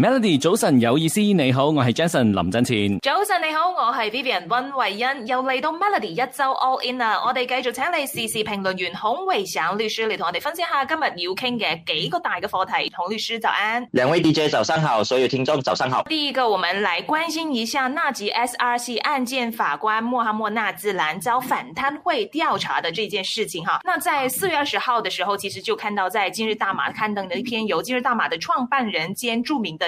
Melody，早晨有意思，你好，我係 Jason 林振前。早晨你好，我係 Vivian 溫慧欣，又嚟到 Melody 一周 All In 啦，我哋繼續請嚟時事評論員孔維祥律師嚟同我哋分析下今日要傾嘅幾個大嘅課題，孔律師早安。兩位 DJ 早上好，所有聽眾早上好。第一個，我們來關心一下納吉 SRC 案件法官莫哈默納茲蘭遭反貪會調查的這件事情哈。那在四月二十號的時候，其實就看到在《今日大馬》刊登的一篇由《今日大馬》的創辦人兼著名的。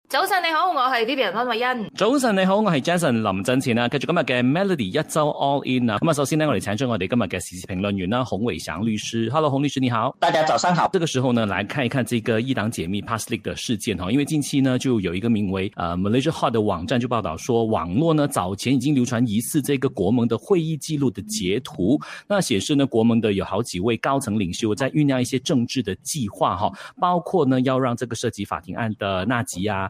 早晨你好，我係 Vivian 潘慧欣。早晨你好，我係 Jason 林振前啊。繼續今日嘅 Melody 一周 All In 啊。咁啊，首先咧，我哋請出我哋今日嘅時事評論員呢，洪偉祥律師。Hello，洪律師你好。大家早上好。這個時候呢，來看一看這個一黨解密 Passlink 的事件哈。因為近期呢，就有一個名為、呃、Malaysia Hot 的網站就報道說，網絡呢早前已經流傳疑似這個國盟的會議記錄的截圖。那顯示呢，國盟的有好幾位高層領袖在醞釀一些政治的計劃哈，包括呢要讓這個涉及法庭案的納吉、啊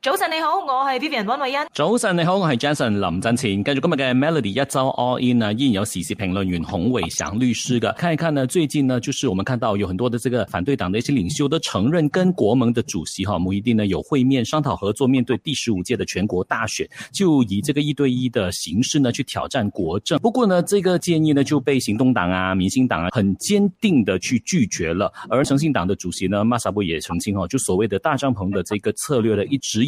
早晨你好，我係 Vivian 溫慧欣。早晨你好，我係 Jason 林振琴。繼續今日嘅 Melody 一招 All In 啊，依然有時事評論員洪偉祥律師噶，看一看呢？最近呢，就是我們看到有很多的這個反對黨的一些領袖都承認跟國盟的主席哈慕尤丁呢有會面商討合作，面對第十五屆的全國大選，就以這個一對一的形式呢去挑戰國政。不過呢，這個建議呢就被行動黨啊、民興黨啊很堅定的去拒絕了。而誠信黨的主席呢，馬薩布也澄清哈，就所謂的大帳篷的這個策略呢，一直。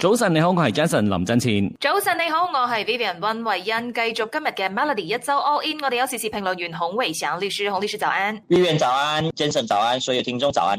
早晨，你好，我係 Jason 林振前。早晨，你好，我係 Vivian 溫慧欣。繼續今日嘅 Melody 一周 All In，我哋有時事評論員孔維祥律師，孔律師早安。Vivian 早安，Jason 早，安早，安早安，所有聽眾早安。